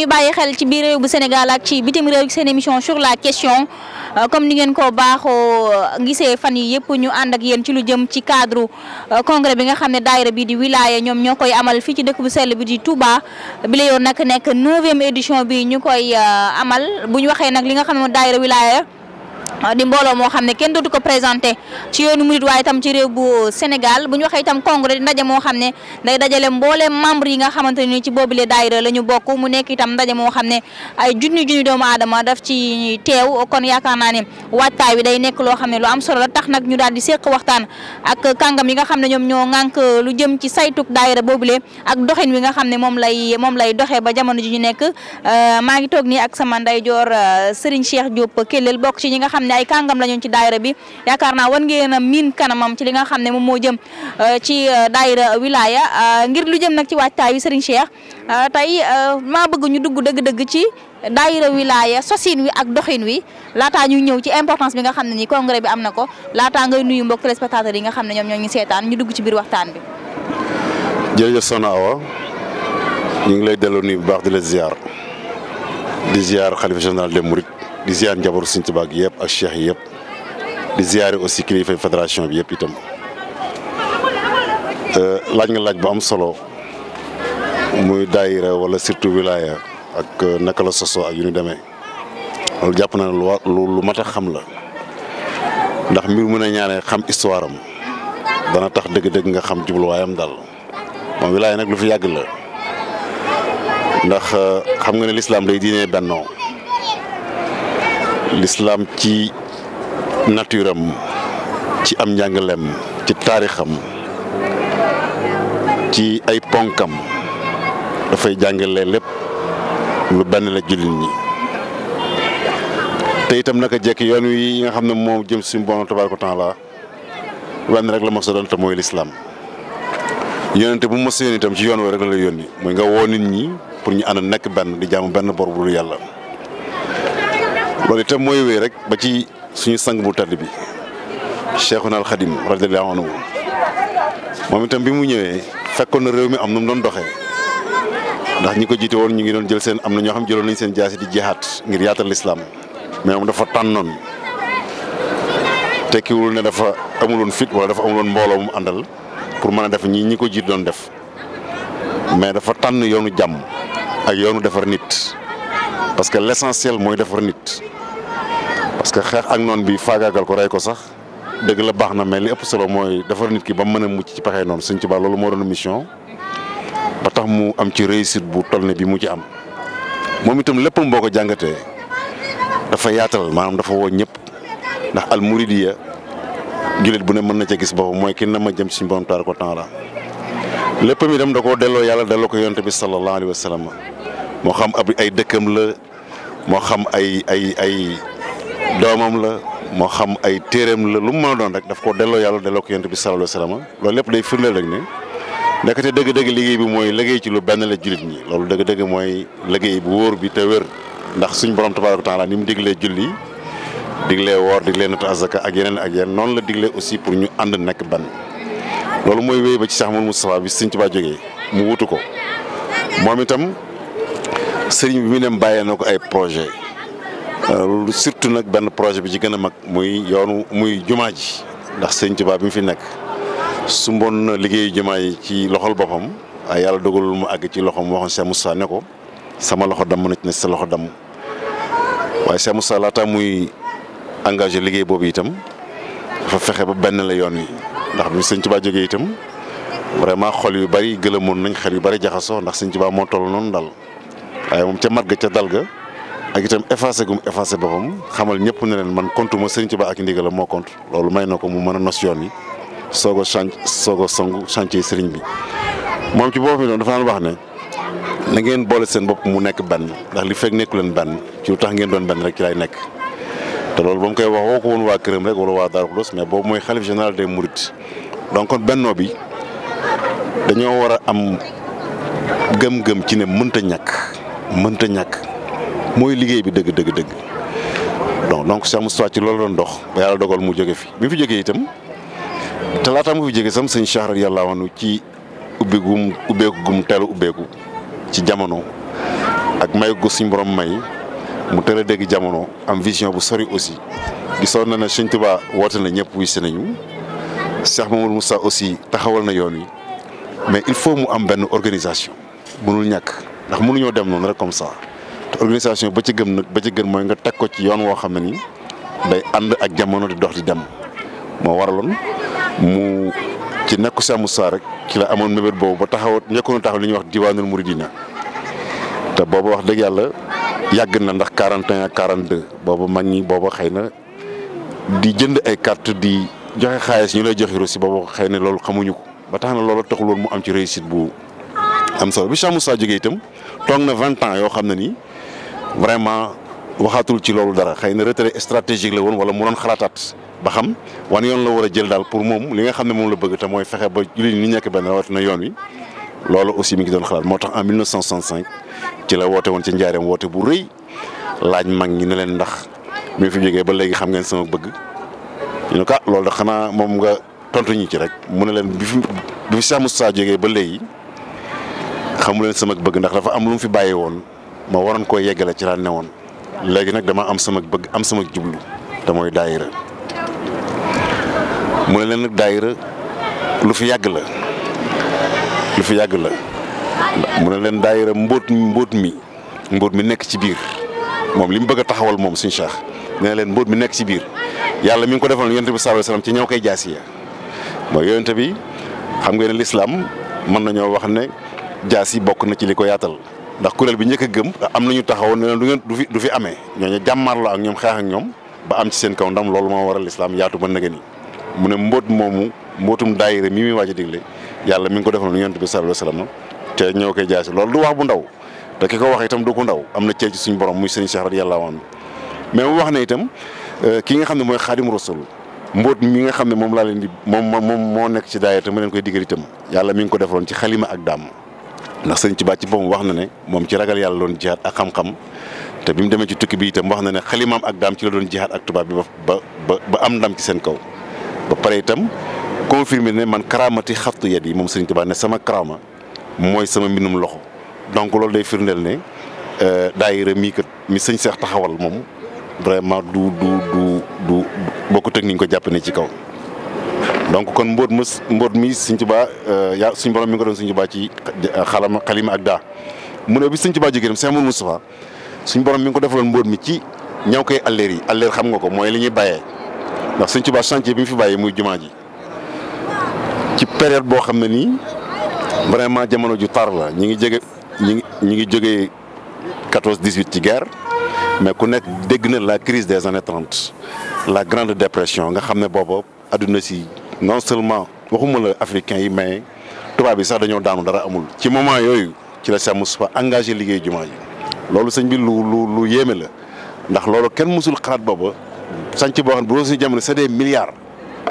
ñuy bàyyi xel ci biir réew bu Sénégal ak ci bitim réew seen émission sur la question euh, comme ni ngeen ko baaxoo euh, gisee fan yi yëpp ñu ànd ak yéen ci lu jëm ci cadre euh, congrès bi nga xam ne daayira bi di wilaya ñoom ñoo koy amal fii ci dëkk bu sell bi di Touba bi la yoon nag nekk neuvième édition bi ñu koy amal bu ñu waxee nag li nga xam ne daayira wilaya di mbooloo moo xam ne kenn dootu ko présenté ci yoonu murit waaye itam ci réew bu Sénégal bu ñu waxee itam congrès di ndaje moo xam ne day dajale mbooleem membre yi nga xamante ni ci boobule daayira la ñu bokk mu nekk itam ndaje moo xam ne ay junni junni doomu aadama daf ci teew kon yaakaar naa ne waajtaay wi day nekk loo xam ne lu am solo la tax nag ñu daal di séq waxtaan ak kàngam yi nga xam ne ñoom ñoo ŋànk lu jëm ci saytuk daayira boobule ak doxin wi nga xam ne moom lay moom lay doxee ba jamono ji nekk maa ngi toog nii ak sama ndeyjoor Serigne Cheikh Diop xam ay kàngam lañu ci daayira bi yaakaar naa war ngeen a miin kanamam ci li nga xam ne moom moo jëm euh, ci euh, daayira wilaya euh, ngir lu jëm nag ci waajtaay wi Serigne Cheikh tey ma bëgg ñu dugg dëgg-dëgg ci daayira wilaya sosin wi ak doxin wi laataa ñu ñëw ci importance bi nga xam ne ni congrès bi am na ko laataa ngay nuyu mbokk téléspectateurs yi nga xam ne ñoom ñoo ñu seetaan ñu dugg ci biir waxtaan bi. jërëjëf Soxna Awa ñu ngi lay delloo nuyu bu baax di la ziar di ziar xalifa général des Mourides. di ziar njabootu Sëñ Tuubaa gi yëpp ak cheikh yi yëpp di ziare aussi kilifa fédération bi yëpp itam euh, laaj nga laaj bu am solo muy daayira wala surtout wilaya ak euh, naka la soso ak yu ñu demee loolu jàpp na lu lu mat xam la ndax mbir mu ne ñaanee xam histoire dana tax dëgg-dëgg nga xam jubluwaayam daal moom wilaya nag lu fi yàgg la ndax euh, xam nga ne lislaam day diine bennoo lislaam ci nature am ci am njàngaleem ci taarixam ci ay ponkam dafay jàngale lépp lu benn la jullit ñi te itam naka jekk yoon wi nga xam ne moom jëm si borom tabaaraka taala wenn rek la mos a doon te mooy lislaam yonente bu mos a yónni itam ci yoon war rek la lay yónni mooy nga woo nit ñi pour ñu ànd nekk benn di jaamu benn bor bu yàlla. loolu itam mooy wéy rek ba ci suñu sang bu tedd bi Cheikhuna al Khadim radiyallahu anhu moom itam bi mu ñëwee fekkoon na réew mi am nu mu doon doxee ndax ñi ko jiite woon ñu ngi doon jël seen am na ñoo xam jëloon nañ seen jaasi di jihaat ngir yaatal lislaam mais moom dafa tànnoon tekkiwul ne dafa amuloon fit wala dafa amuloon mbooloo mu àndal pour mën a def ñii ñi ko jiit doon def mais dafa tànn yoonu jàmm ak yoonu defar nit parce que l'essentiel mooy defar nit parce que xeex ak noon bi faagaagal ko rey ko sax dëgg la baax na mel li ëpp solo mooy defar nit ki ba mu mën a mucc ci pexe noonu Sëñ Tuubaa loolu moo doon mission ba tax mu am ci réussite bu toll ne bi mu ci am moom itam léppam boo ko jàngatee dafa yaatal maanaam dafa woo ñëpp ndax al muridiya jullit bu ne mën na ca gis boppam mooy ki ma jëm ci suñu borom taar ko temps la koo delloo yàlla delloo ko yonent bi sallallahu alayhi wa sallam moo xam ab ay dëkkam la moo xam ay ay ay doomam la moo xam ay téereem la lu mu ma a doon rek daf ko delloo yàlla delloo ko yonent bi sallallahu alayhi wasallam loolu lépp day firndeel rek ne ndekete dëgg-dëgg liggéey bi mooy liggéey ci lu benn la jullit ñi loolu dëgg-dëgg mooy liggéey bu wóor bi te wér ndax suñ borom tabaaraka taala ni mu diglee julli diglee woor diglee natt azaka ak yeneen ak yeneen noonu la diglee aussi pour ñu ànd nekk benn loolu mooy wéy ba ci Cheikh Mouhamadou Moustapha bi Sëriñ Tuubaa jógee mu wutu ko moom itam sëriñ bi mu dem bàyyee na ko ay projet euh, surtout nag benn projet bi ci gën a mag muy yoonu muy jumaa ji ndax sëriñ Tuubaa bi mu fi nekk sumboon na liggéeyu jumaa yi ci loxol boppam ay ah, yàlla dogalul mu àgg ci loxoom waxoon Cheikh Moussa ne ko sama loxo damm na ci ne sa loxo damm waaye Cheikh Moussa laata muy engagé liggéey boobu itam dafa fexe ba benn la yoon yi ndax bi sëriñ Tuubaa jógee itam vraiment xol yu bari gëlëmoon nañ xel yu bari jaxasoo ndax sëriñ Tuubaa moo toll daal. waaye moom ca mat ga ca dal ga ak itam effacé gum effacé boppam xamal ñëpp ne leen man kontu ma Sëriñ Tuubaa ak ndigalam moo kont loolu may na ko mu mën a nos yoon yi soog a soog song chantier sëriñ bi moom ci boppam itam dafa naan wax ne na ngeen boole seen bopp mu nekk benn ndax li fekk nekku leen benn ci lu tax ngeen doon benn rek ci lay nekk. te loolu ba mu koy wax woo ko woon waa këram rek wala waa Darou Khoudoss mais boobu mooy xalif général des Mourides donc kon bennoo bi dañoo war a am gëm-gëm ci ne mënta ñàkk. mënta ñàkk mooy liggéey bi dëgg dëgg dëgg donc donc Cheikh Moustapha ci loolu doon dox ba yàlla dogal mu jóge fi bi mu fi jógee itam talaata laata mu fi jóge sam sëñ Cheikh radiyallahu anhu ci ubbi gum ubbeeku gum teel ubbeeku ci jamono ak may gu suñ borom may mu teel a dégg jamono am vision bu sori aussi gisoon na ne Sëñ Tuubaa woote na ñëpp wuy si nañu Cheikh Mamadou Moussa aussi taxawal na yoon yi mais il faut mu am benn organisation mënul ñàkk. ndax mënuñoo dem noonu rek comme ça te organisation ba ci gëm nag ba ci gën mooy nga teg ko ci yoon woo xam na ni day ànd ak jamono di dox di dem moo waraloon mu ci nekku Cheikh Moussa rek ci la amoon mébét boobu ba taxaw njëkkoon taxaw li ñuy wax diwaanul Mouridina te boobu wax dëgg yàlla yàgg na ndax 41 ak 42 boobu mag ñi boobu xëy na di jënd ay carte di joxe xaalis ñu lay joxe russi boobu xëy na loolu xamuñu ko ba tax na loolu taxul woon mu am ci réussite bu am solo bi Cheikh Moussa jógee itam. toog na vingt ans yoo xam ne nii vraiment waxaatul ci loolu dara xëy na retrait stratégique la woon wala mu doon xalaataat ba xam wan yoon la war a jël daal pour moom li nga xam ne moom la bëgg te mooy fexe ba jullit ñi nekk benn na yoon wi. loolu aussi mi ngi doon xalaat moo tax en 1965 ci la woote woon ci njaareem woote bu rëy laaj mag ñi ne leen ndax mu fi jógee ba léegi xam ngeen sama bëgg ñu ne ko ah loolu da xanaa moom nga tontu ñu ci rek mu ne leen bi fi bi fi Cheikh ba léegi. xamu leen sama bëgg ndax dafa am lu mu fi bàyyi woon ma waroon koo yeggale ci laa ne woon léegi nag dama am sama bëgg am sama jublu te mooy daayira mu ne leen nag daayira lu fi yàgg la lu fi yàgg la mu ne leen daayira mbóot mbóot mi mbóot mi nekk ci biir moom li mu bëgg taxawal moom suñu Cheikh nee leen mbóot mi nekk ci biir yàlla mi ngi ko defal yonent bi sallallahu alayhi wasallam ci ñëw koy jaasiya mooy yonent bi xam nga ne lislaam mën nañoo wax ne jaas yi bokk na ci li ko yaatal ndax kuréel bi njëkk a gëm am na ñu taxaw leen du ngeen du fi du fi amee ñooñu jàmmarloo ak ñoom xeex ak ñoom ba am ci seen kaw ndam loolu moo waral lislaam yaatu ba nag ni mu ne mbóot moomu mbóotum daayira mi muy waaj a digle yàlla mi ngi ko defal yonent bi sallallahu alayhi wasallam te ñoo koy jaasi loolu du wax bu ndaw te ko wax itam du ko ndaw am na cër ci suñu borom muy sëñ Cheikh radiyallahu anhu mais mu wax ne itam euh, ki nga xam ne mooy xaadim rasul mbóot mi nga xam ne moom laa leen di moom moom moo nekk ci daayira te ma koy digal itam yàlla mi ngi ko defaloon ci xalima ak dàmm ndax sëñ Tuubaa ci boppam wax na ne moom ci ragal yàlla doon jihaat ak xam-xam te bi mu demee ci tukki bi itam wax na ne xalimaam ak daam ci la doon jihaat ak tubaab bi ba ba ba am ndam ci seen kaw. ba pare itam confirmer ne man karaamati xattu yat yi moom sëñ Tuubaa ne sama karaama mooy sama mbinum loxo donc loolu day firndeel ne euh, daayira mii kat mi sëñ Seex taxawal moom vraiment du du du du bokkut ak ni ko jàpp ne ci kaw. donc kon mbóot mës mbóot mi Sëñ Tuubaa euh, yaa suñ borom mi nga doon Sëñ Tuubaa ci xalam xalima ak daa mu ne bi Sëñ Tuubaa jógéenam Seex Muhammadu Mustafaa suñ borom mi ngi ko defaloon mbóot mi ci ñaw koy alleer yi alleer xam nga ko mooy li ñuy bàyyee ndax Sëñ Tuubaa chantier bi mu fi bàyyee muy jumaa ji ci période boo xam ne nii vraiment jamono ju tar la ñu ngi jege ñi ngi ñi ngi jógee 14 18 ci guerre mais ku nekk dégg na la crise des années 30 la grande dépression nga xam ne booboo adduna si non seulement waxuma la africain yi mais tubaab yi sax dañoo daanu dara amul ci moment yooyu ci la Cheikh Moustapha engagé liggéey jumaa yi loolu sëñ bi lu lu lu yéeme la ndax loolu kenn mësul xalaat booba sànc boo xam ne bu doon suñu jamono c'est des milliards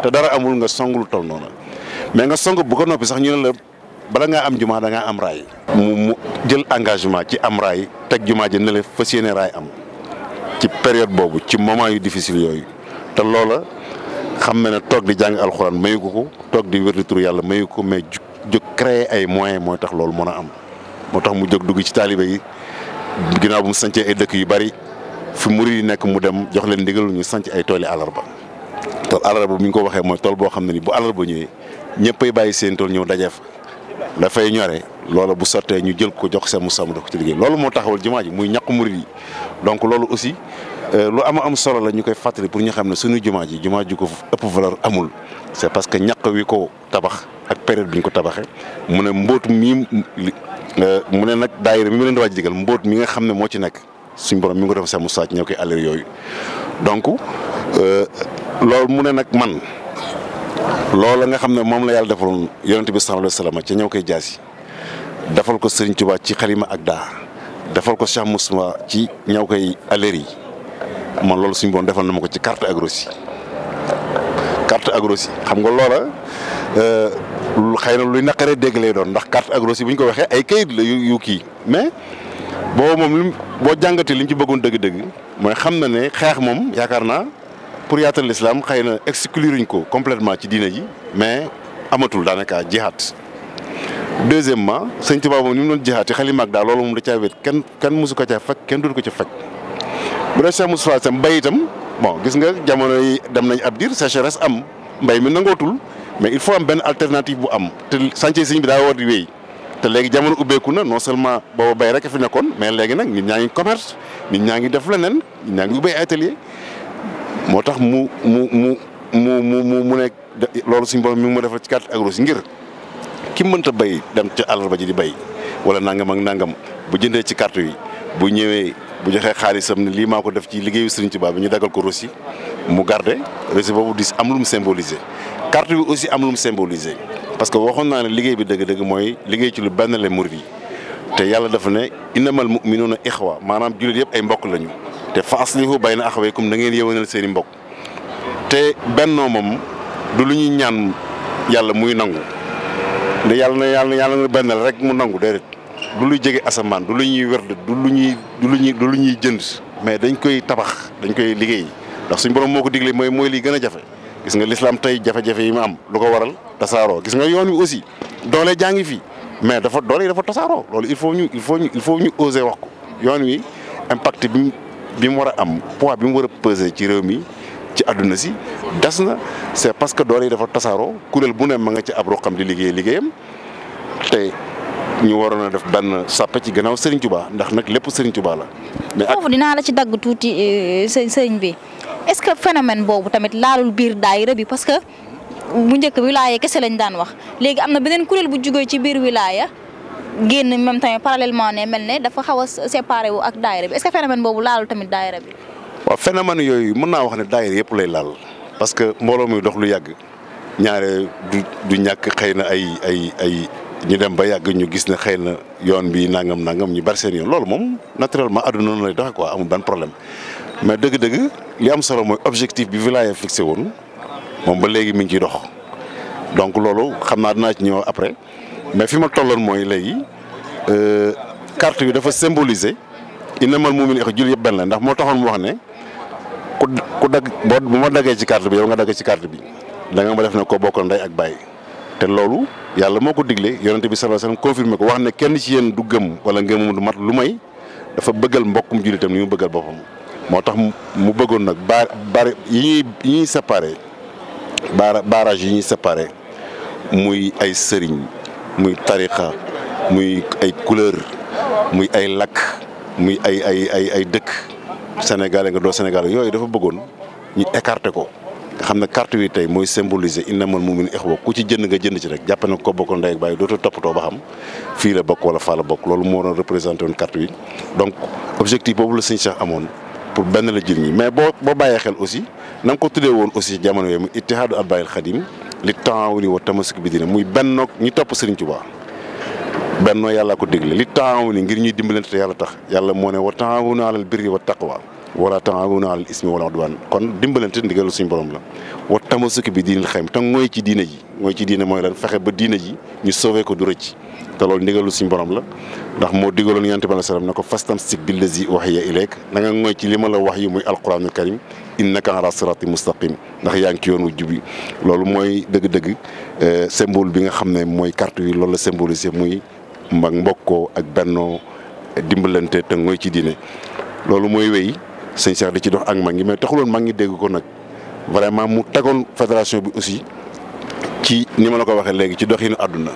te dara amul nga song lu toll noonu mais nga song bu a noppi sax ñu ne la bala ngaa am jumaa da ngaa am raay mu mu jël engagement ci am raay teg jumaa ji ne la fas yéene raay am ci période boobu ci moment yu difficile yooyu te loola xam na ne toog di jàng alxuraan mayu ko ko toog di wérdi tur yàlla mayu ko mais jóg créer ay moyens mooy tax loolu mën a am moo tax mu jóg dugg ci taalibe yi ginnaaw bu mu sancee ay dëkk yu bari fi murid yi nekk mu dem jox leen ndigal ñu sanc ay tool yi àllarba tool àllarba bi ñu ko waxee mooy tool boo xam ne ni bu àllarba ñëwee ñëppay bàyyi seen tool ñëw dajee fa dafay ñore loolu bu sottee ñu jël ko jox seen mu sàmm ko ci liggéey loolu moo taxawal jimaa ji muy ñàkku murid yi Euh, lu am am solo la ñu koy fàttali pour ñu xam ne suñu jumaa ji jumaa ji ko ëpp valeur amul c'est parce que ñaq wi ko tabax ak période bi ñu ko tabaxee mu ne mbóot mii euh, mu ne nag daayira mi mu leen di waaj mbóot mi nga xam ne moo ci nekk suñ borom mi ngi ko def seen mu saaj ñoo koy aller yooyu donc euh, loolu mu ne nag man loola nga xam ne moom la yàlla defaloon yonent bi sallallahu alayhi wasallam ca ñëw koy jaasi defal ko Serigne Touba ci xalima ak daa defal ko Cheikh Moussa ci ñëw koy aller yi man loolu suñu borom defal na ma ko ci carte agro carte agro xam nga loola euh, xëy na luy naqaree dégg lay doon ndax carte Agro-Sil bu ñu ko waxee ay kayit la yu kii mais boo moom lim boo jàngatee li ñu ci bëggoon dëgg-dëgg mooy xam na ne xeex moom yaakaar naa pour yaatal l'islam xëy na excluruñ ko completement ci diine ji mais amatul daanaka jihaat deuxièmement sëñ Tuubaa moom ni mu doon jihaat yi xel daal loolu moom da caa wét kenn kenn mosu ko caa fekk kenn dootu ko ca faj bu dee Cheikh Moustapha tam bay itam bon gis nga jamono yi dem nañ ab diir sécheresse am mbay mi nangootul mais il faut am benn alternative bu am te chantier Serigne bi daa war di wéy te léegi jamono ubbeeku na non seulement booba bay rek fi nekkoon mais léegi nag nit ñaa ngi commerce nit ñaa ngi def leneen nit ñaa ngi ubbee atelier moo tax mu mu mu mu nekk loolu suñu borom mi ngi ma defal ci carte Agro si ngir ki mënta bay dem ci ca ba ji di bay wala nangam ak nangam bu jëndee ci carte yi bu ñëwee. bu joxee xaalisam ne lii maa ko def ci liggéeyu Serigne Touba bi ñu daggal ko reçu mu garde reçu boobu di am lu mu symbolisé carte bi aussi am lu mu symbolisé parce que waxoon naa ne liggéey bi dëgg-dëgg mooy liggéey ci lu benn la murid yi te yàlla dafa ne innamal mu'minuuna ixwa maanaam jullit yëpp ay mbokk lañu te fa aslihu bayna axawaykum da ngeen yëwanal seen i mbokk te bennoo moom du lu ñuy ñaan yàlla muy nangu nde yàlla na yàlla na yàlla na bennal rek mu nangu déedéet du luy jege asamaan du lu ñuy werd du lu ñuy lu ñuy lu ñuy jënd mais dañ koy tabax dañ koy liggéey ndax suñ borom moo ko digle mooy mooy li gën a jafe gis nga lislaam tey jafe-jafe yi mu am lu ko waral tasaaroo gis nga yoon wi aussi doole jaa ngi fi mais dafa doole yi dafa tasaaroo loolu il faut ñu il ñu il ñu oser wax ko yoon wi impact bi bi mu war a am poids bi mu war a peser ci réew mi ci àdduna si des na c'est parce que doole dafa tasaaroo kuréel bu ne ma nga ci ab ruqam di liggéey liggéeyam te ñu waroon a def benn sàppe ci gannaaw Serigne Touba ndax nag lépp Serigne Touba la. mais ak foofu dinaa la ci dagg tuuti euh, sëriñ bi est-ce que phénomène boobu tamit laalul biir daayira bi parce que bu njëkk wilaya kese lañ daan wax léegi am na beneen kuréel bu jugee ci biir wilaya génn même tamit parallèlement ne mel ne dafa xaw a séparé wu ak daayira bi est-ce boobu laalul tamit daayira bi. waaw phénomène yooyu mën naa wax ne daayira yëpp lay laal parce que mbooloo muy dox lu yàgg ñaare du du ñàkk xëy na ay ay ay. ñu dem ba yàgg ñu gis ne xëy na yoon bi nangam nangam ñu bari seen yoon loolu moom naturellement àdduna noonu lay doxee quoi amul benn problème mais dëgg-dëgg li am solo mooy objectif bi wilaya fixé woon moom ba léegi mi ngi ciy dox. donc loolu xam naa dinaa ci ñëw après mais fi ma tolloon mooy léegi euh, carte bi dafa symboliser innamal mu'minu ixwatun jullit yëpp benn ndax moo taxoon mu wax ne ku ku dagg boo bu ma daggee ci carte bi yow nga daggee ci carte bi da nga ma def ne ko bokk ndey ak bàyyi. te loolu yàlla moo ko digle yonent bi sallallahu alayhi wasallam confirmé ko wax ne kenn ci yéen du gëm wala ngëmam du mat lu may dafa bëggal mbokkum jullitam ni mu bëggal boppam moo tax mu bëggoon nag baar baar yi ñuy yi ñuy séparé yi ñuy séparé muy ay sëriñ muy tarixa muy ay couleur muy ay lakk muy ay ay ay ay dëkk sénégalais nga doo sénégalais yooyu dafa bëggoon ñu écarté ko nga xam ne carte wi tey mooy symboliser innamal mu'minu ixwa ku ci jënd nga jënd ci rek jàpp na ko bokkal ndey ak baay dootul toppatoo ba xam fii la bokk wala faa la bokk loolu moo doon représenté woon carte wi donc objectif boobu la sëñ Cheikh amoon pour benn la jël ñi mais boo boo bàyyee xel aussi na ko tuddee woon aussi jamono yooyu mu ittihaadu atbaa'il xadim li taawuni wa tamasuk bi dina muy benn ñi topp Serigne Touba benn yàlla ko dégle li taawuni ngir ñuy dimbalante te yàlla tax yàlla moo ne wa taawunu alal birri wa taqwa wala taawunu alal ismi wala udwaan kon dimbalante ndigalu suñ borom la wa tamasuk bi diinil xayim te mooy ci diine ji mooy ci diine mooy lan fexe ba diine ji ñu sauvé ko du rëcc te loolu ndigalu siñ borom la ndax moo digaloon yonent bi salaam ne ko fastamsik billazi uhiya ilayk na nga mooy ci li ma la wax yi muy alquranul karim innaka ala sirati mustaqim ndax yaa ngi ci yoon wu loolu mooy dëgg-dëgg euh, symbole bi nga xam ne mooy carte yi loolu la symbolisé muy mbag mbokkoo ak bennoo dimbalante te mooy ci diine loolu mooy wéy sëñ Cheikh di ci dox ak mag ñi mais taxuloon mag ñi dégg ko nag vraiment mu tegoon fédération bi aussi ci ni ma la ko waxee léegi ci doxinu àdduna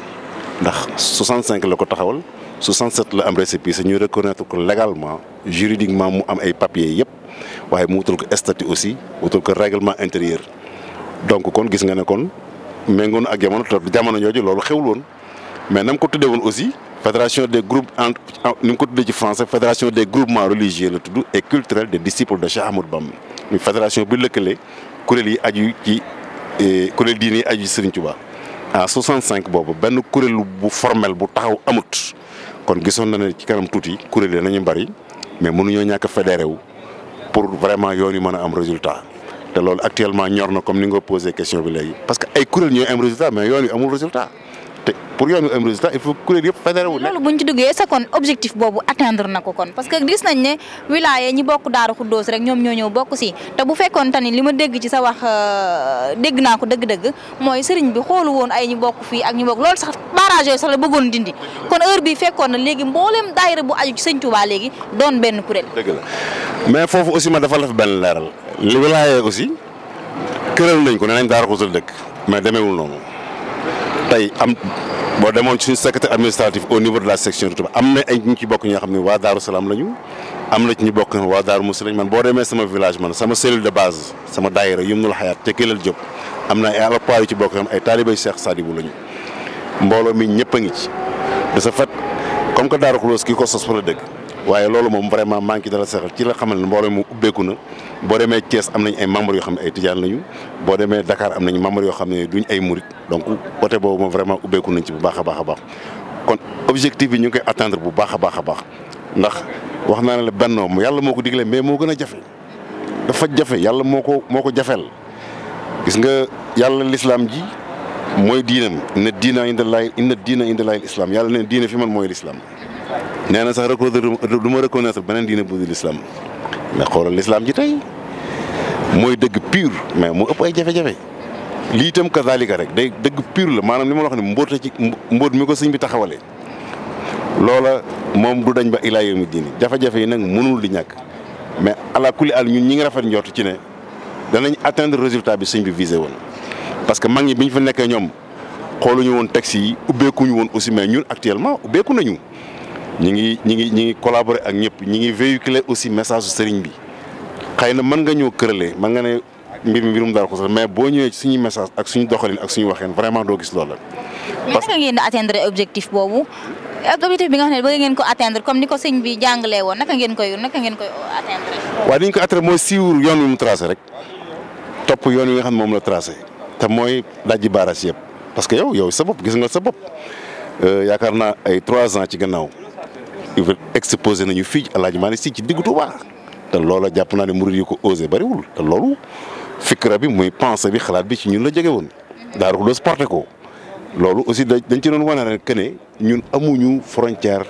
ndax 65 la ko taxawal 67 la am récépissé ñu reconnaître ko légalement juridiquement mu am ay papiers yëpp waaye mu wutal ko statut aussi wutal ko réglement intérieur donc kon gis nga ne kon méngoon ak jamono te jamono jooju loolu xewul woon mais nam mu ko tuddee woon aussi fédération des groupes entre ah, ni mu ko tuddee ci français fédération des groupements religieux la tudd et culturels des disciples de Cheikh Ahmadou Bamba muy fédération bi lëkkale kuréel yi aju ci eh, kuréel diine yi aju Serigne Touba. en 65 boobu benn kuréel bu formel bu taxaw amut kon gisoon na ne ci kanam tuuti kuréel yi nañu bari mais mënuñoo ñàkk a fédéré wu pour vraiment yoon yi mën a am résultat. te loolu actuellement ñor na comme ni nga posé question bi te pour yoon wi am résultat il faut kuréel yëpp fédéré wu. loolu bu ñu ci duggee sa kon objectif na ko kon parce que gis nañ ne wilaya ñi bokk Daaru Xuddoos rek ñoom ñoo ñëw bokk si te bu fekkoon te li ma dégg ci sa wax euh, dégg naa ko dëgg-dëgg mooy sëriñ bi xoolu woon ay ñu bokk fii ak ñu bokk loolu sax barrage yooyu sax la bëggoon dindi kon heure bi fekkoon na léegi mbooleem daayira bu aju ci sëñ Tuubaa léegi doon benn kuréel. dëgg la mais foofu aussi ma dafa la fi benn leeral. li wilaya aussi këral nañ ko nee nañ Daaru Xuddoos dëkk mais demeewul tey am boo demoon suñu secrétaire administratif au niveau de la section de Touba am na ay ñu ci bokk ñoo xam ne waa Daaru Salaam lañu am na ci ñu bokk waa Daaru Musi lañ man boo demee sama village man sama cellule de base sama daayira Yumnul Hayaat te Kelal Diop am na ay alpha ci bokk am ay taalibay Cheikh Sadibou lañu mbooloo mi ñëpp a ngi ci de ce fait comme que Daaru Xuloos ki ko sos dëgg waaye loolu moom vraiment maa ngi ci dara ci la xamal ne mbooloo mu ubbeeku na boo demee Thiès am nañ ay membres yoo xam ne ay tijaan lañu boo demee Dakar am nañ membres yoo xam ne duñ ay murit donc côté boobu moom vraiment ubbeeku nañ ci bu baax a baax a baax kon objectif bi ñu ngi koy attendre bu baax a baax a baax ndax wax naa ne la bennoo yàlla moo ko digle mais moo gën a jafe dafa jafe yàlla moo ko moo ko jafeel gis nga yàlla lislaam ji mooy diinam inna diina inda laay inna diina inda laay lislaam yàlla ne diine fi man mooy lislaam nee na sax du ma reconnaître beneen diine bu dul islam mais xoolal lislaam ji tey mooy dëgg pur mais mu ëpp ay jafe-jafe. lii itam rek day dëgg pur la maanaam li ma la wax ni mbóota ci mbóot mi ko sëñ bi taxawalee loola moom du dañ ba ilaa yawmi diini jafe-jafe yi nag mënul di ñàkk mais ala kulli al ñun ñi ngi rafet njort ci ne danañu atteindre résultat bi sëñ bi visé woon. parce que mag ñi bi ñu fa nekkee ñoom xoolu ñu woon taxi yi ubbeekuñu woon aussi mais ñun actuellement ubbeeku nañu. ñi ngi ñi ngi ñi ngi collaborer ak ñëpp ñi ngi véhiculer aussi message sëriñ bi xëy na mën nga ñëw këralee mën nga ne mbir mi mbirum Daaru Xudoos mais boo ñëwee ci suñuy message ak suñu doxalin ak suñu waxeen vraiment doo gis loolu la. que naka ngeen di atteindre objectif boobu objectif bi nga xam ne bëgg ngeen ko atteindre comme ni ko sëñ bi jàngalee woon naka ngeen koy naka ngeen koy atteindre. waaye ni ñu ko atteindre mooy siiwur yoon wi mu tracé rek topp yoon wi nga xam ne moom la tracé te mooy dajji baaraas yëpp parce que yow yow sa bopp gis nga sa bopp euh, yaakaar naa ay trois ans ci gannaaw exposé nañu fii El Hadj Malick Sy ci diggu Touba te a jàpp naa ne murid yi ko osé bariwul te loolu fikra bi muy pensée bi xalaat bi ci ñun la jege woon Daaru Xudoos porté ko loolu aussi dañ ci doon wane rek que ne ñun amuñu frontière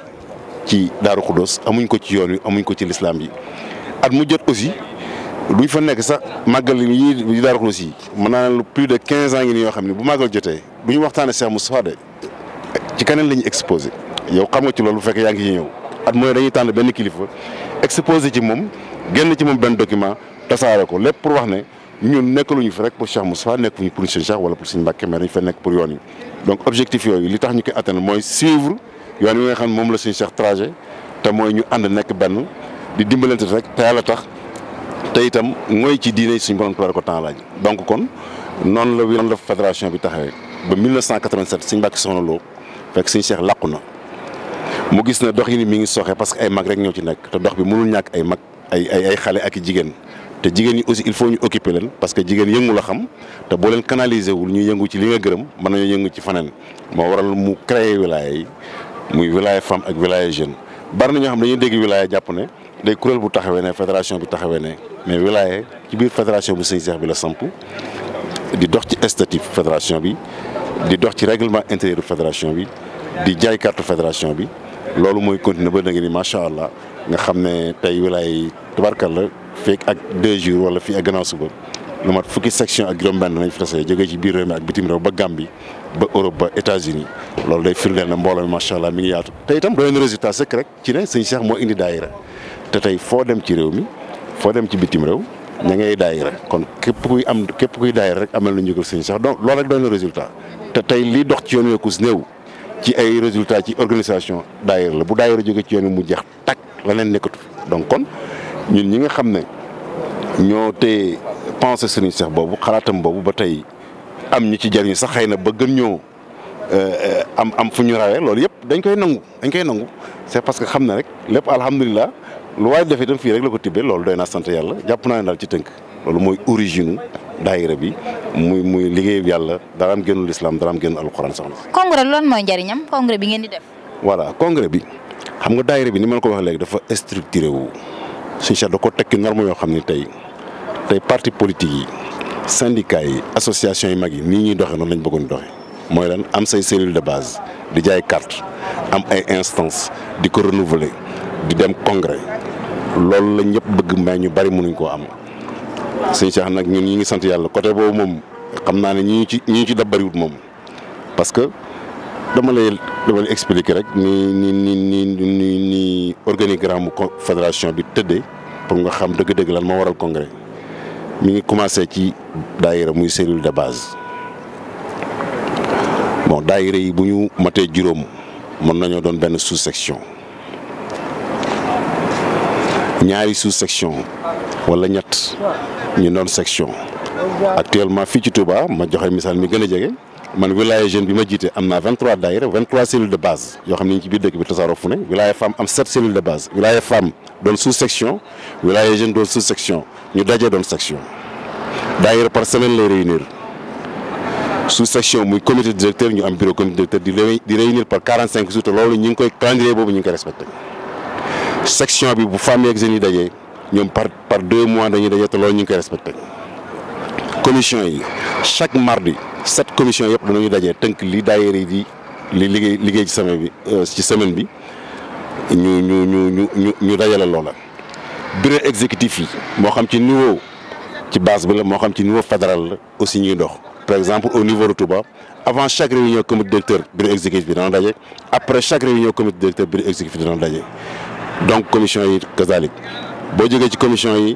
ci Daaru Xudoos amuñ ko ci yoon wi amuñ ko ci lislaam yi at mu jot aussi duñ fa nekk sax màggal yi di Daaru Xudoos yi mën naa ne plus de quinze ans ngi ni yoo xam ne bu màggal jotee duñu waxtaane Cheikh Moustapha de ci keneen la ñu exposé yow xam nga ci loolu bu fekkee yaa ngi ci ñëw at mooy dañuy tànn benn kilifa exposé ci moom génn ci moom benn document tasaare ko lépp pour wax ne ñun nekkaluñu fi rek pour Cheikh Moustapha nekk fu ñu pour Cheikh wala pour Serigne Mbacké mais dañu fa nekk pour yoon ñu koy mooy suivre yoon yi nga ne moom la Serigne Cheikh te mooy ñu ànd nekk benn di dimbalante rek te yàlla tax te itam mooy ci diine suñu borom tubaab ko temps laaj donc kon noonu la wi noonu la fédération bi taxawee ba 1987 Serigne Mbacké soxna loo fekk Serigne Cheikh làqu na mu gis ne dox yi ni mi ngi soxe parce que ay mag rek ñoo ci nekk te dox bi mënul ñàkk ay mag ay ay ay xale ak i jigéen te jigéen ñi aussi il faut ñu occuper leen parce que jigéen yëngu la xam te boo leen canaliser wul ñu yëngu ci li nga gërëm mën nañoo yëngu ci faneen moo waral mu créer wilaya muy wilaya femme ak wilaya jeune bari na ñoo xam dañuy dégg wilaya jàpp ne day kuréel bu taxawee ne fédération bi taxawee ne mais wilaya ci biir fédération bu sëñ bi la samp di dox ci statut fédération bi di dox ci réglement intérieur fédération bi di jaay carte fédération bi. loolu mooy continuer ba dëgg ni macha allah nga xam ne tey wilaay tubarkal la fekk ak deux jours wala fii ak gannaaw suba lu mat fukki section ak juróom-benn nañ fas jógee ci biir réew mi ak bitim réew ba Gambie ba Europe ba États-Unis loolu day firndeel na mbooloo mi macha allah mi ngi yaatu te itam doy na résultat sëkk rek ci ne sëñ Cheikh moo indi daayira te tey foo dem ci réew mi foo dem ci bitim réew ña ngay daayira kon képp kuy am képp kuy daayira rek amel na njëgal sëñ Cheikh donc loolu rek résultat te tey lii dox ci yoon yooyu ku néew. ci ay résultat ci organisation daayira la bu daayira jóge ci yoon mu jeex takk la leen nekkatu donc kon ñun ñi nga xam ne ñoo tee pensé Serigne Cheikh boobu xalaatam boobu ba tey am ñu ci jariñu sax xëy na ba gën ñoo euh, euh, am am fu ñu rawee lool yëpp dañ koy nangu dañ koy nangu c'est parce que xam ne rek lépp alhamdulilah lu waaye defee itam fii rek la ko tibbee loolu doy naa sant yàlla jàpp naa ne daal ci tënk loolu mooy origine daayira bi muy muy liggéeyub yàlla dara am génnul islam dara am génnul alquran soxna. congrès loolu mooy njëriñam congrès bi ngeen di def. voilà congrès bi xam nga daayira bi ni man ko waxee léegi dafa structuré wu suñu chef ko tekki norme yoo xam ne tey tey parti politique yi syndicats yi association yi mag yi nii ñuy doxee noonu lañ bëggoon doxee mooy lan am say cellule de base di jaay carte am ay instance di ko renouveler di dem congrès loolu la ñëpp bëgg mais ñu bari mënuñ koo am. sëñ Cheikh nag ñun ñu ngi sant yàlla côté boobu moom xam naa ne ñi ci ñi ci dab bariwut moom parce que dama lay dama lay expliquer rek ni ni ni ni ni organigramme fédération bi tëddee pour nga xam dëgg-dëgg lan moo waral congrès mi ngi commencé ci daayira muy cellule de base bon daayira yi bu ñu matee juróom mën nañoo doon benn sous section ñaari sous wala ñett ñu doon section actuellement fii ci Touba ma joxe misaal mi gën a jege man wilaya jeune bi ma jiite am naa 23 daayira 23 cellules de base yoo xam ne ñu ci biir dëkk bi tasaaroo fu ne wilaya femme am 7 cellules de base wilaya femme doon sous section wilaya jeune doon sous section ñu daje doon section daayira par semaine lay réunir sous section muy comité directeur ñu am bureau comité directeur di di réunir par 45 jours te loolu ñu boobu ñu ngi koy respecté section bi bu femme yeeg jeunes yi dajee. ñoom par par deux mois dañuy daje te loolu ñu ngi koy respecté commission yi chaque mardi sept commission yëpp danañu daje tënk li daayira yi di li liggéey liggéey ci semaine bi euh, ci semaine bi ñu ñu ñu ñu ñu ñu dajale loola. bureau exécutif yi moo xam ci niveau ci base bi la moo xam ci niveau fédéral la aussi ñuy dox par exemple au niveau de Touba avant chaque réunion comité directeur bureau exécutif bi dana daje après chaque réunion comité directeur bureau exécutif bi dana daje donc commission yi kazalik boo jógee ci commission yi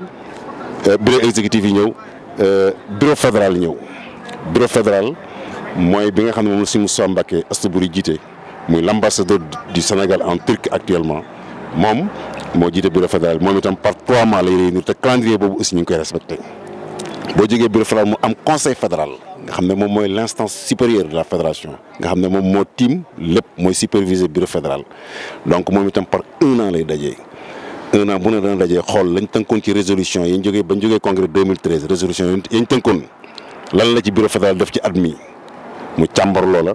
euh, bureau exécutif yi ñëw euh, bureau fédéral ñëw bureau fédéral mooy bi nga xam ne moom la si Moustapha Mbacké Astoubouri jiite muy l' ambassadeur du Sénégal en Turquie actuellement moom moo jiite bureau fédéral moom itam par trois mois lay réunir te calendrier boobu aussi ñu ngi koy respecté boo jógee bureau fédéral mu am conseil fédéral nga xam ne moom mooy l' instance supérieure de la fédération nga xam ne moom moo tiim lépp mooy superviser bureau fédéral donc moom itam par un lay dajee un an bu ne dana dajee xool lañ tënkoon ci résolution yi ñu jógee ba ñu jógee congrès 2013 tënkoon lan la ci bureau fédéral def ci at mi mu càmbar la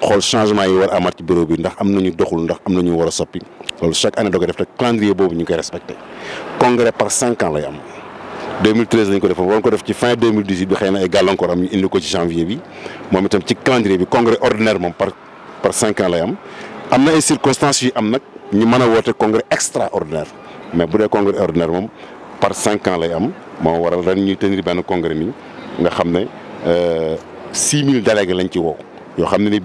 xool changement yi war a amaat ci bureau bi ndax am ñu doxul ndax am na ñu war a soppi loolu chaque année da ko te calendrier boobu ñu ngi koy respecté congrès par cinq ans lay am 2013 ko defoon waroon ko def ci fin 2018 bi xëy na ay am indi ko ci janvier bi moom itam ci calendrier bi congrès ordinaire moom par par cinq ans lay am am na ay circonstances yu am nag ñu mën a woote congrès extraordinaire mais bu dee congrès ordinaire moom par cinq ans lay am moo waral rek ñu tenir benn congrès nii nga xam ne euh, six mille délégués lañ ci woo yoo xam ne ni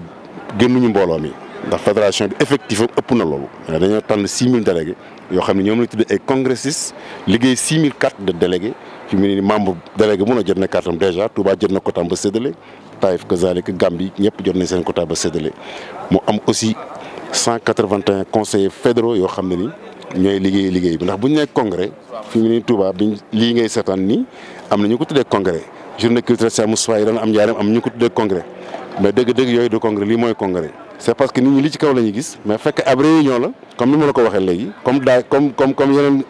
génnuñu mbooloo mi ndax fédération bi effectif ëpp na loolu mais dañoo tànn six mille délégués yoo xam ne ñoom la tuddee ay congressistes liggéey six mille cartes de délégués fi mu ne nii membre délégué mun a jot na kartam dèjà Touba jot na kotaam ba séddale Taïf kazalik Gambie ñëpp jot nañ seen quota ba séddale mu am aussi cent quatre-vingt-un yoo xam ne ni ñooy liggéey liggéey bi ndax bu ñu nekk congrès fi mu ne Touba bi lii ngay seetaan nii am na ñu ko tuddee congrès journée culturelle Cheikh Moustapha daan am njaareem am ñu ko tuddee congrès mais dëgg yooyu du lii mooy congrès c'est que li ci kaw la ñu gis mais fekk ab réunion la comme ni ma la ko waxee léegi comme daa comme comme comme yeneen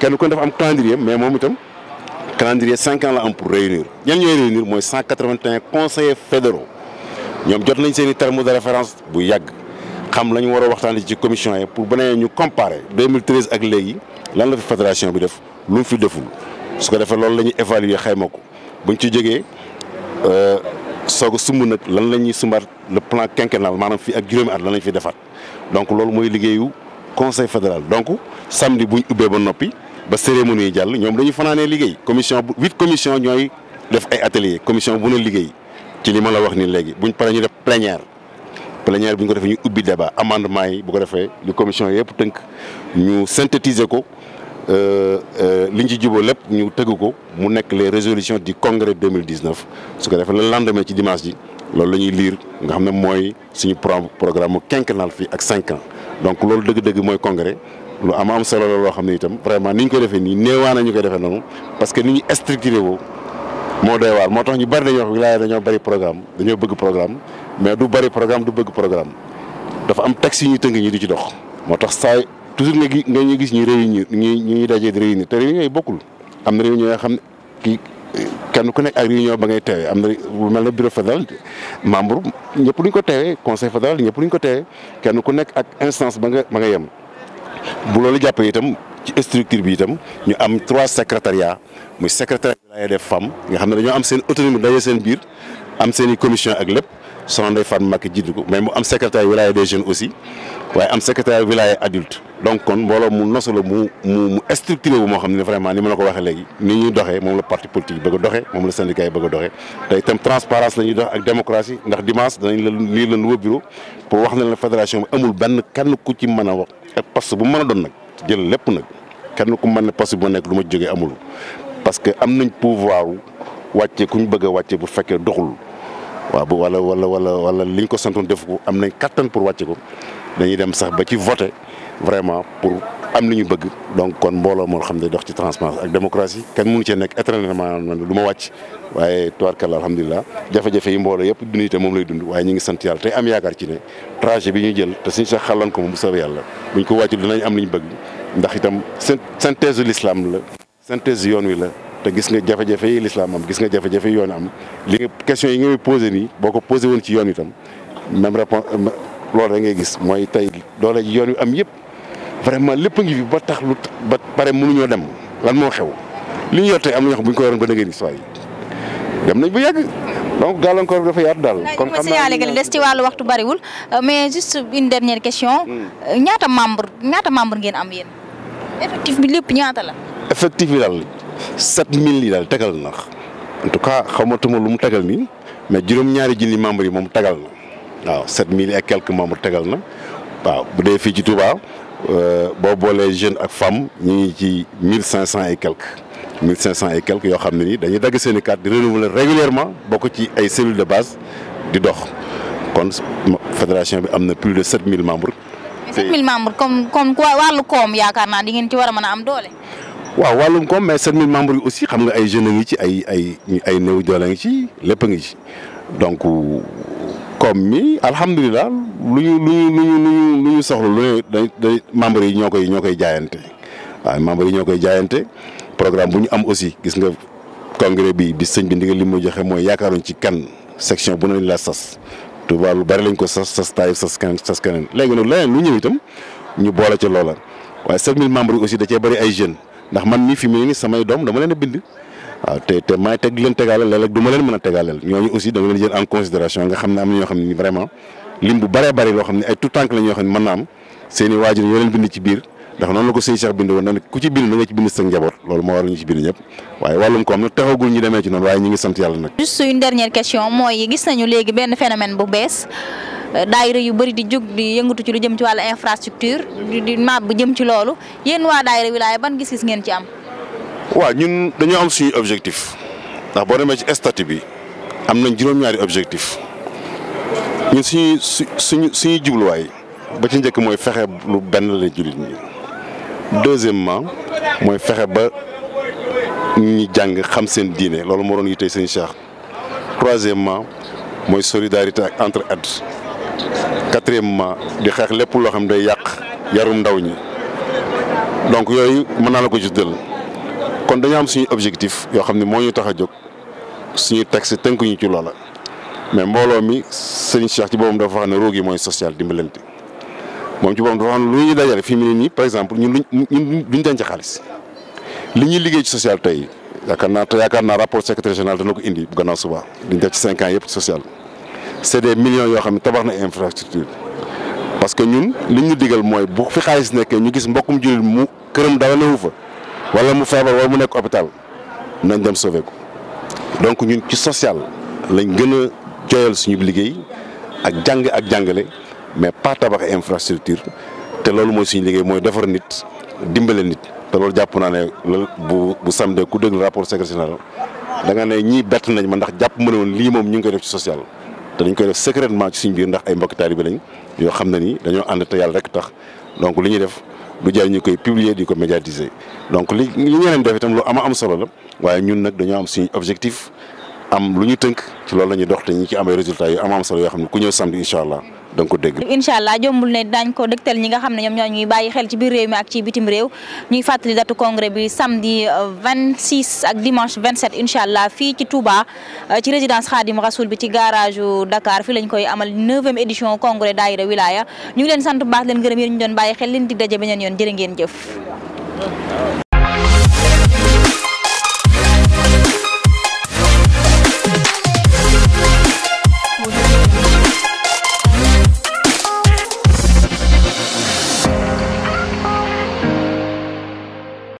kenn ku dafa am calendrier mais moom itam calendrier cinq ans la am pour réunir ñan ñooy réunir mooy cent quatre-vingt-un ñoom jot nañ seeni i termes de référence bu yàgg xam la ñu war a waxtaanee ci commission yi pour beneen ñu comparer 2013 ak léegi lan la fi fédération bi def lu mu fi deful su ko defee loolu la ñuy évaluer xayma ko buñ ci jógee euh, soog a sumb nag lan la ñuy sumbaat le plan quinquennal maanaam fii ak juróomi at lan la ñu fi defaat donc loolu mooy liggéeyu conseil fédéral donc samedi buñ ubbee ba noppi ba cérémonie yi jàll ñoom dañu fanaanee liggéey commission bu huit commission ñooy def ay atelier commission bu ne liggéey ci li ma la wax nii léegi buñ paree ñu def plénière. plénière bu ñu ko defee ñu ubbi débat amendement yi bu ko defee ñu commission yëpp tënk ñu synthétiser ko euh, euh, li liñ ci juboo lépp ñu tëgg ko mu nekk les résolutions du congrès 2019 su ko defee le lendemain ci dimanche ji loolu la ñuy lire nga xam ne mooy suñu programme naal fii ak cinq ans donc loolu dëgg-dëgg mooy congrès lu am am solo la loo xam ne itam vraiment ni ñu koy defee nii néewaa na ñu koy defee noonu parce que ni ñu structuré woo moo doy waar moo ñu bari dañoo wax wilaaya dañoo bari programme dañoo bëgg programme mais du bëri programme du bëgg programme dafa am taxi yi ñu tënk ñi di ci dox moo tax saay toujours nga gis nga ñu gis ñu réunir ñi ñi ñuy dajee di réunir te réunion yi bokkul am na réunion yoo xam ne kii kenn ku nekk ak réunion ba ngay teewee am na lu mel ne bureau fédéral membre ñëpp duñ ko teewee conseil fédéral ñëpp duñ ko teewee kenn ku nekk ak instance ba nga ba nga yem. bu loolu jàppee itam ci structure bi itam ñu am trois secrétariat muy secrétariat def femmes nga xam ne dañoo am seen autonomie daje seen biir am seen i commission ak soxna Ndeye Fatou Mbacké jiitu ko mais mu am secrétaire wilaya des jeunes aussi waaye am secrétaire wilaya adulte donc kon mbooloo mu nosu mu mu mu structuré moo xam ne vraiment ni ma la ko waxee léegi ni ñu doxee moom la parti politique bëgg a doxee moom la syndicat yi bëgg a doxee te itam transparence la ñuy dox ak démocratie ndax dimanche danañ la lii bureau pour wax na la fédération amul benn kenn ku ci mën a wax ak poste bu mën a doon nag jël lépp nag kenn ku mën ne poste bu nekk lu ma jógee amul parce que am nañ pouvoir wàcce ku ñu bëgg a wàcce bu fekkee doxul waaw bu wala wala wala wala liñ ko santoon def ko am nañ kattan pour wàcc ko dañuy dem sax ba ci voté vraiment pour am li ñu bëgg donc kon mbooloo moo xam ne dox ci transparence ak démocratie kenn mënu cee nekk éternellement man du ma wàcc waaye tubaarkalla alhamdulilah jafe-jafe yi mbooloo yëpp dund te moom lay dund waaye ñu ngi sant yàlla tey am yaakaar ci ne trajet bi ñu jël te suñ sax xalan ko moom bu soobee yàlla buñ ko wàccul dinañ am li ñu bëgg ndax itam synthèse l'islam la synthèse yoon wi la te gis nga jafe-jafe yi lislaam am gis nga jafe-jafe yi yoon am li nga question yi ngay posé nii boo ko posé woon ci yoon itam même réponse loolu rek ngay gis mooy tey doole yoon wi am yëpp vraiment lépp ngi fi ba tax lu ba pare mënuñoo dem lan moo xew li ñu yor tey am na ñoo bu ko ba da ngeen gis waaye dem nañ bu yàgg donc gàllankoor bi dafa yaatu daal. kon xam naa signalé que des ci wàllu waxtu bariwul mais juste une dernière question. Hmm. ñaata membre ñaata membre ngeen am yéen effectif bi lépp ñaata la. effectif bi daal. 7000 yi daal tegal na en tout cas xamatuma lu mu tegal nii mais juróom-ñaari junni membre yi moom tagal na waaw 7000 et quelques tegal na waaw bu dee fii ci Touba euh, boo boolee jeunes ak femmes ñu ngi ci 1500 et quelques 1500 et quelques yoo xam ne nii dañuy dagg seen i carte di renouveler régulièrement ko ci ay cellules de base di dox kon fédération bi am na plus de 7000 membre te 7000 membres comme comme wàllu koom yaakaar naa di ngeen ci war a am doole. waaw wàllum koom mais 7000 membres aussi xam nga ay jeune a ngi ci ay ay ay néew doole a ngi ci lépp a ngi ci donc koom mi alhamdulilah lu ñu lu ñu lu ñu lu ñu soxla lu ne day membres yi ñoo koy ñoo koy jaayante waaw yi ñoo koy jaayante programme bu ñu am aussi gis nga congrès bi bi sëñ bi ndigal li mu joxe mooy yaakaaroon ci kan section bu nañ la sas Touba lu bari lañ ko sas sas taay sas keneen sas keneen léegi nag leneen lu ñëw itam ñu boole ca loola waaye 7000 membres yi aussi da cee bari ay jeunes. ndax man mii fi samay doom dama leen bind waaw te te maay teg leen tegalal léeg-léeg du ma leen mën a tegalal ñooñu aussi da nga leen jël en considération nga xam ne am na i waajur ñoo leen bind ci biir ndax noonu la ko sëñ Cheikh bind woon ku ci bind da ci bind sa njaboot loolu moo war ñu ci bind ñëpp waaye wàllum koom nag taxagul ñu demee ci noonu waaye ñu ngi sant yàlla nag. juste une dernière question mooy gis nañu léegi benn daayira yu bëri di jóg di yëngatu ci lu jëm ci wàllu infrastructure di di màbb jëm ci loolu yéen waa daayira wilaaya ban gis-gis ngeen ci am. waa ñun dañoo am suñu objectif ndax boo demee ci statut bi am nañ juróom-ñaari objectif ñun su suñu suñuy jubluwaay ba ci njëkk mooy fexe benn la mooy fexe ba ñi jàng xam seen diine loolu moo doon yittee seen Cheikh troisièmement mooy solidarité ak entre aide quatrièmement di xeex lépp loo xam day yàq yarum ndaw ñi donc yooyu mën naa la ko juddal kon dañu am suñu objectif yoo xam ne moo ñu tax a jóg suñu texte tënkuñu ci loola mais mbooloo mi sëñ Cheikh ci boppam dafa wax ne roog yi mooy social dimbalante moom ci boppam dafa wax ne lu ñu dajale fii mu ne nii par exemple ñun ñun duñ denc xaalis li ñuy liggéey ci social tey yaakaar naa te yaakaar naa rapport secrétaire général dana ko indi gannaaw suba duñ def ci cinq yëpp social. c'est des millions yoo xam ne tabax na infrastructure parce que ñun li ñu digal mooy bu fi xaalis nekkee ñu gis mbokkum jullit mu këram dara newu fa wala mu feebar wala mu nekk hôpital nañ dem sauver ko donc ñun ci social lañ gën a jooyal suñu liggéey ak jàng ak jàngale mais pas tabax infrastructure te loolu mooy suñu liggéey mooy defar nit dimbale nit te loolu jàpp naa ne loolu bu bu samedi ku déglu rapport secrétaire général da nga ne ñii bett nañ ma ndax jàpp ma ne woon lii moom ñu ngi koy def ci social. te dañ koy def secrètement ci suñ biir ndax ay mbokk taalibe lañ yoo xam ne ni dañoo ànd te yàlla rek tax donc lu ñuy def du jaay ñu koy publier di ko médiatiser donc li li ñeneen def itam lu ama am solo la waaye ñun nag dañoo am suñu objectif am lu ñu tënk ci loolu la ñuy dox te ñu ci amee résultat yu ama am solo yoo xam ne ku ñëw samedi incha allah da nga ko dégg. incha allah jombul ne daañ ko dëgtal ñi nga xam ne ñoom ñoo ñuy bàyyi xel ci biir réew mi ak ci bitim réew ñuy fàttali datu congrès bi samedi 26 euh, ak dimanche 27 incha allah fii ci tuba euh, ci résidence Khadim Rasoul bi ci garage Dakar fi lañ koy amal 9e édition congrès daayira wilaya ñu ngi leen sant baax leen gërëm yéen ñu doon bàyyi xel leen di daje beneen yoon jërë ngeen jëf.